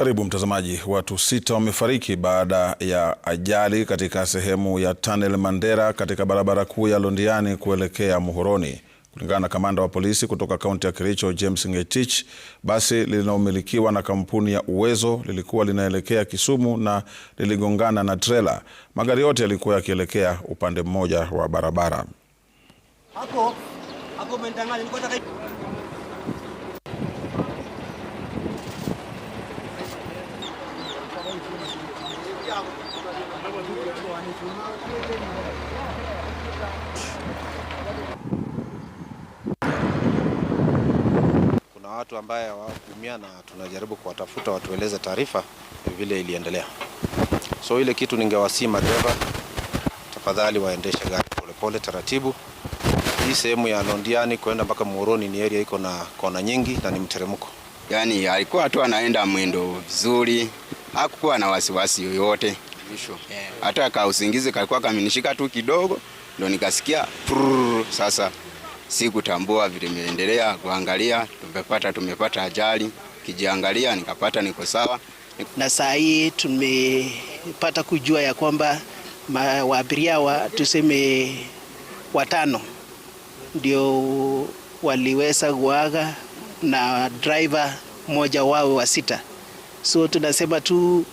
Karibu mtazamaji. Watu sita wamefariki baada ya ajali katika sehemu ya Tunnel Mandera katika barabara kuu ya Londiani kuelekea Muhoroni. Kulingana na kamanda wa polisi kutoka kaunti ya Kericho, James Ngetich, basi linalomilikiwa na kampuni ya Uwezo lilikuwa linaelekea Kisumu na liligongana na trela. Magari yote yalikuwa yakielekea upande mmoja wa barabara. Kuna watu ambaye hawakuumia na tunajaribu kuwatafuta watueleze taarifa vile iliendelea. So ile kitu ningewasii madereva, tafadhali waendeshe gari polepole taratibu. Hii sehemu ya Londiani kwenda mpaka Muhoroni ni area iko na kona nyingi na ni mteremko. Yaani alikuwa tu anaenda mwendo vizuri hakukuwa na wasiwasi yoyote mwisho. Hata ka usingizi kalikuwa kaminishika tu kidogo, ndo nikasikia prrr. Sasa sikutambua vile nimeendelea kuangalia, tumepata tumepata ajali, kijiangalia nikapata niko sawa, na saa hii tumepata kujua ya kwamba waabiria wa tuseme watano ndio waliweza kuaga na driver mmoja wao wa sita. So tunasema tu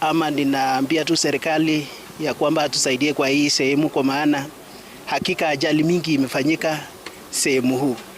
ama ninaambia tu serikali ya kwamba hatusaidie kwa hii sehemu, kwa maana hakika ajali mingi imefanyika sehemu huu.